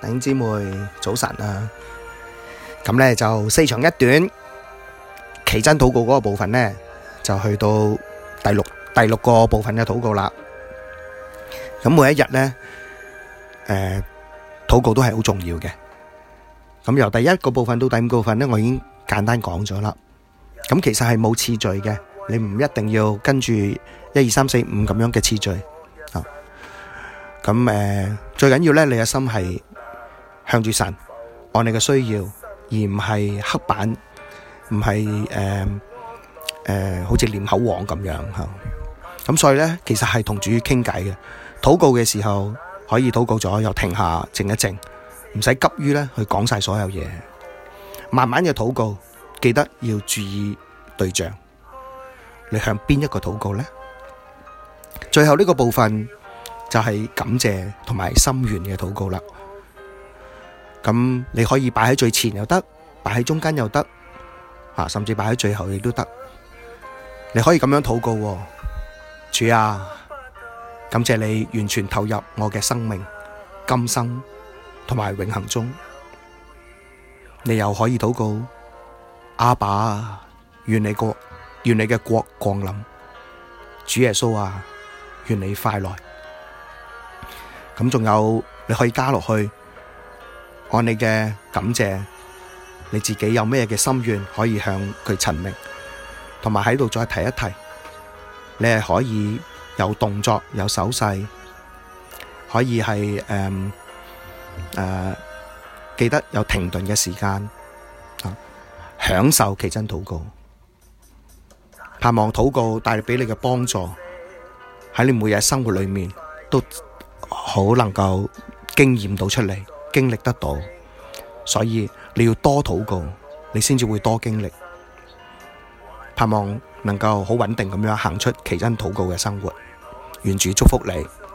頂姊妹早晨啊！咁咧就四長一段，奇珍禱告嗰個部分咧，就去到第六第六個部分嘅禱告啦。咁每一日咧，誒禱告都係好重要嘅。咁由第一個部分到第五個部分咧，我已經簡單講咗啦。咁其實係冇次序嘅，你唔一定要跟住一二三四五咁樣嘅次序啊。咁誒，最緊要咧，你嘅心係向住神，按你嘅需要，而唔係黑板，唔係誒誒，好似念口王咁樣吓。咁所以咧，其實係同主傾偈嘅。禱告嘅時候可以禱告咗，又停下靜一靜，唔使急於咧去講晒所有嘢，慢慢嘅禱告，記得要注意對象。你向邊一個禱告咧？最後呢個部分就係感謝同埋心願嘅禱告啦。咁你可以擺喺最前又得，擺喺中間又得，吓，甚至擺喺最後亦都得。你可以咁樣禱告，主啊，感謝你完全投入我嘅生命、今生同埋永恆中。你又可以禱告，阿爸啊，願你國願你嘅國降臨。主耶穌啊，願你快來。咁仲有你可以加落去。按你嘅感謝，你自己有咩嘅心願可以向佢陳明，同埋喺度再提一提，你係可以有動作、有手勢，可以係誒誒記得有停頓嘅時間，享受奇珍禱告，盼望禱告帶俾你嘅幫助，喺你每日生活裏面都好能夠經驗到出嚟。經歷得到，所以你要多禱告，你先至會多經歷。盼望能夠好穩定咁樣行出奇珍禱告嘅生活。願主祝福你。